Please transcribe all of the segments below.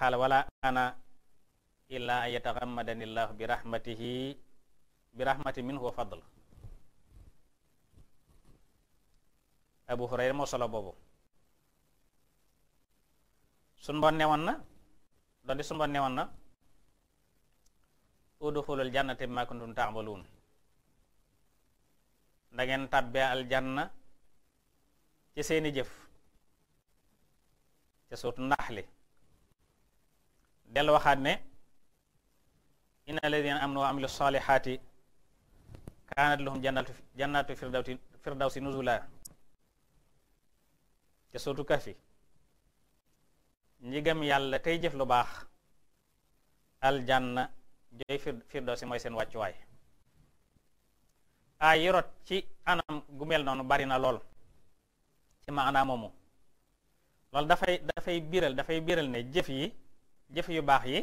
xaal wala ana illa an yataxammadani llahu bi rahmatihi bi rahmati minhu wa fadl abu hurayra moo solo boobu sun bon newoon na doon di sun bon newoon na udxulul jannata bima kuntum ta'malun da ngeen aljanna ci seeni jëf ca suutu ndax li dellu waxaat ne inna alladina am wa amilu salihati kaanat lahum jannatu jannatu firdawsi firdawsi nuzula ca sootu kafi ñi yàlla tey jëf lu baax aljanna jooy firdawsi mooy seen wàccuwaay aay yi ci anam gu noonu bari na lool ci maanaa moomu loolu dafay biral dafay biral ne jëf yi jëf yu baax yi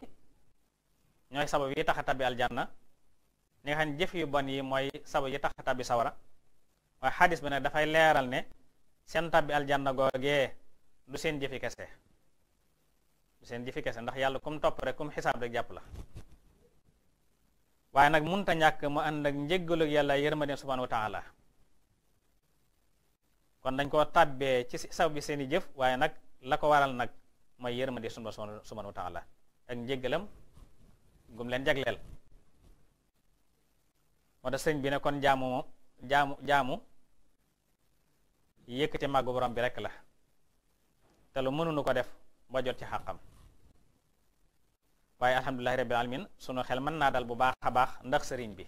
ñooy sabab yi tax a tabbi aljanna ñi nga xam ne jëf yu bon yi mooy sabab yi tax a tabbi sawara waaye xadis bi nag dafay leeral ne seen tabbi aljanna googee du seen jëfi kese du seen jëfi kese ndax yàlla kum topp rek kum xisaab rek jàpp la waaye nag munta ñàkk mu ànd ak njéggalug yàlla yërmandeem subhanahu wa taala kon dañ koo tàbbee ci saw bi seeni jëf waaye nag la ko waral nag mooy yërmande sunu borom subhanahu wa la ak njéggalam gum leen jagleel moo tax sëñ bi ne kon jaamu jaamu jaamu yëkkati màggu borom bi rekk la te lu mënuñu ko def ba jot ci xàqam waaye alhamdulilahi rabbil alamin sunu xel mën naa dal bu baax a baax ndax sëriñ bi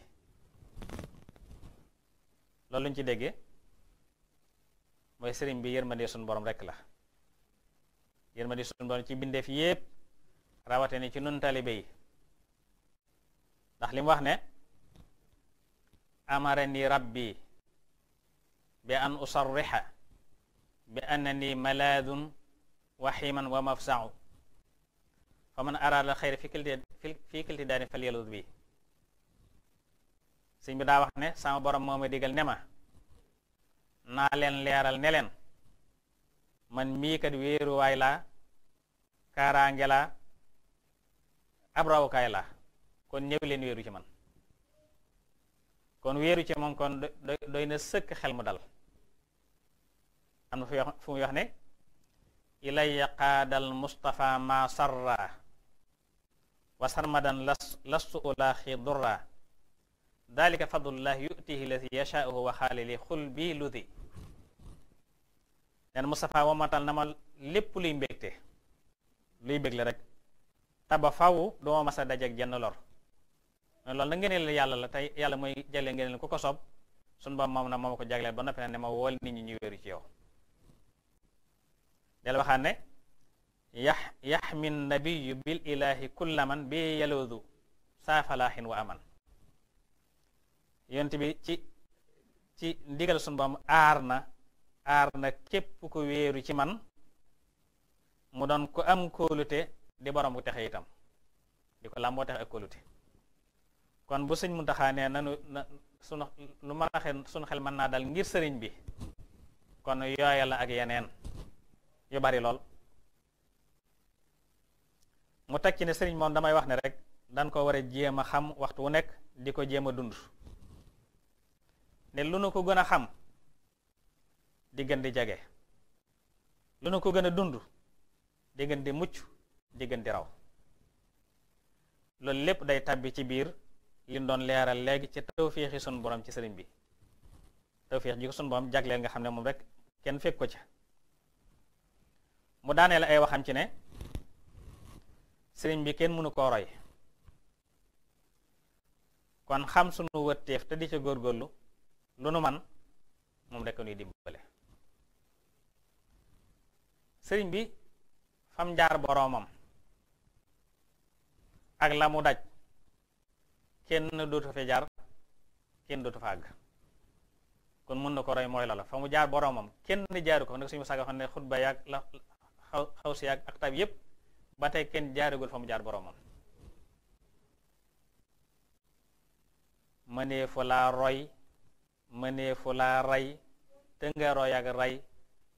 loolu luñ ci déggee mooy sëriñ bi yërmandee suñu borom rekk la yërmande sunu borom ci bindeef yépp rawate ni ci nun talibe yi ndax li wax ne amarani rabbi bi an usarriha bi annani malaadun waximan wa mafsau fa man araada xayra fi kilti fi daani fal yalud bi sëñ bi daa wax ne sama borom moo digal ne ma naa leen leeral ne leen man mii kat wéeruwaay laa kaaraange la ab rawukaay la kon ñëw leen wéeru ci man kon wéeru ci moom kon doy na sëkk xel mu dal am na fu wax fu ilay qaadal mustafa ma sarra wa sarmadan lastu ulaaxi durra dalika fadlullah yutihi lati yashaahu wa xaalili xul bi ludi neen mustafa wamatal na ma lépp luy mbégte luy bëgg la rek taba ba faw duma mas a dajeeg jenn lor loolu na ngeen la yàlla la tey yàlla mooy jagleel ngeen ku ko soob suñu ba moom na moom ko jagleel ba noppi ne ma wool nit ñi ñu wéeru ci yow del waxaat ne yax yaxmi nabiyu bil ilahi kullaman bi yaloodu saa falaaxin wa aman yonent bi ci ci ndigal suñu ba aar na aar na képp ku wéeru ci man mu doon ko am kóolute di borom bu texe itam di ko làmboo texe ak kóolute kon bu sëñ Muntaxa nee nanu na sunu lu mën a xel sunu xel mën naa dal ngir sëriñ bi kon yooya la ak yeneen yu bari lool mu teg ci ne sëriñ moom damay wax ne rek dan ko war a jéem a xam waxtu wu nekk di ko jéem a dund ne lu nu ko gën a xam di gën di jege lu na ko gën a dund di mucc di raw loolu lépp day tàbbi ci biir li doon leeral léegi ci tawféexi sun boroom ci sëriñ bi tawféex ji ko sun borom jagleel nga xam ne moom rek kenn fekk ko ca mu daaneel ay waxam ci ne sëriñ bi kenn mënu koo roy kon xam sunu wëtteef te di ca góorgóorlu lu nu man moom rek nuy dimbale sëriñ bi fam jaar boroomam ak la daj kenn dootu fa jaar kenn dootu fa àgg kon mën na ko roy mooy lala fa mu jaar boroomam kenn jaaru ko nag suñu saga xam ne xutba yaag la xaw xaw si ak tab yépp ba tey kenn jaarugul fa mu jaar boroomam mënee fu la roy mënee fu la rey te nga roy ak rey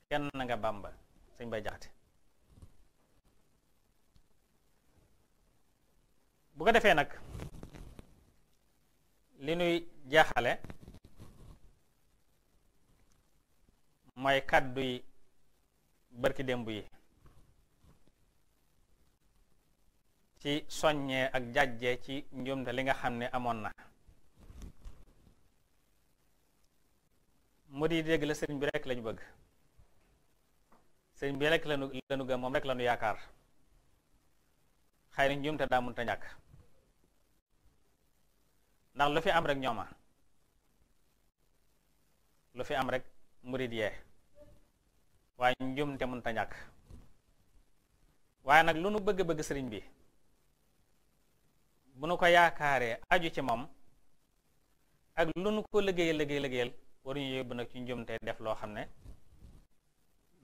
kenn nga bàmba sëñ bay jaxte bu ko defee nag li nuy jaaxale mooy kàddu yi barki démb yi ci soññee ak jàjjee ci njuumte li nga xam ne amoon na mu di dégg la sëriñ bi rek lañu bëgg sëriñ bi rek lanu gëm moom rek lanu yaakaar xëy na njuumte daa mënta ñàkk ndax lu fi am rek ñooma lu fi am rek murid yee waaye njumte mën ta ñàkk waaye nag lu nu bëgg-bëgg sëriñ bi bu nu ko yaakaaree aju ci moom ak lu nu ko liggéeyal liggéey liggéeyal waruñu yóbbu nag ci njumte def loo xam ne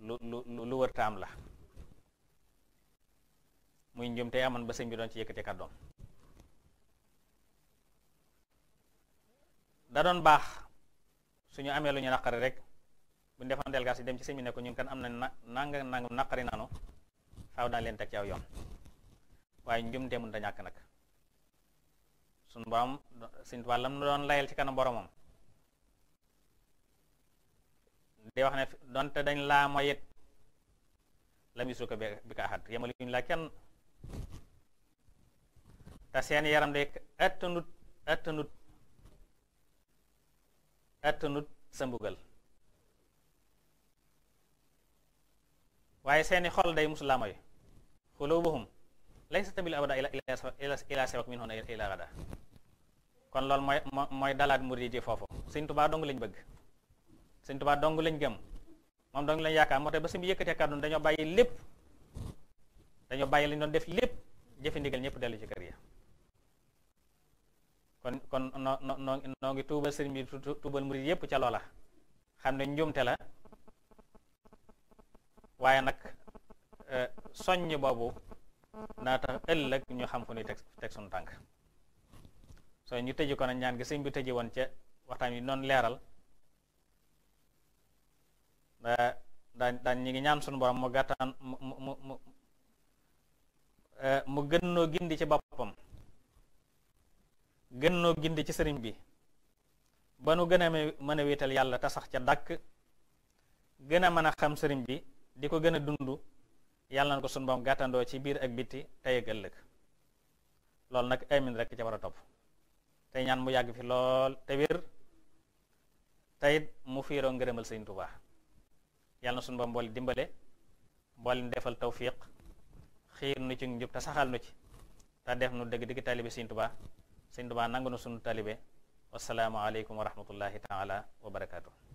lu lu lu wërta am la muy njumte amoon ba sëñ bi doon ci yëkkati kàddoom da doon baax suñu amee lu ñu naqari rek buñ defoon délégation dem ci sëñ bi ne ko kan am na na nanga nangam naqari nanu xaw naa leen teg ci aw yoon waaye njum demul da ñàkk nag suñu borom suñu wàllam nu doon layal ci kanam boromam day wax ne donte dañ laa moyit lam yusu ko bi ka axat yemali ñu laa kenn te seen yaram day attanut attanut attanut sa mbugal waaye seeni xol day musulaa mooy xulubuhum laysa tabil abada ila sewak min hona ila gada kon loolu mooy mooy dalaat murid yi foofu sëñ tubaa dong lañ bëgg sëñ tubaa dong lañ gëm moom dong lañ yaakaar moo tax ba su mu yëkkatee kàddu dañoo bàyyi lépp dañoo bàyyi lañ doon def lépp jëfe ndigal ñëpp dellu ci kër ya kon kon noo noo noo ngi tuubal sëriñ bi tuubal murid yépp ca loola xam ne njuumte la waaye nag euh, soñ boobu naa tax ëllëg ñu xam fu ñuy teg teg sunu tànk so ñu tëji ko nag ñaan gi sëriñ bi tëji woon ca waxtaan yi noonu leeral daan daan ñu ngi ñaan sunu borom mu gàttaan mu mu mu euh, mu gën noo gindi ci boppam gën noo gindi ci sëriñ bi ba nu gën a mën a wéetal yàlla te sax ca dàkk gën a mën a xam sëriñ bi di ko gën a dund yàlla na ko sunu boom gàttandoo ci biir ak bitti tey ak ëllëg loolu nag amin rekk ca war a topp tey ñaan mu yàgg fi lool te wér teyit mu fiiroo ngërëmal sëriñ Tuubaa yàlla na sunu boom mbooli dimbale mbooli defal tawfiq xiir nu ci njub te saxal nu ci te def nu dëgg dëgg taalibe sëriñ Tuubaa sëñ Tuubaa nangu na sunu talibe wasalaamualeykum wa rahmatullahi taala wa barakaatu.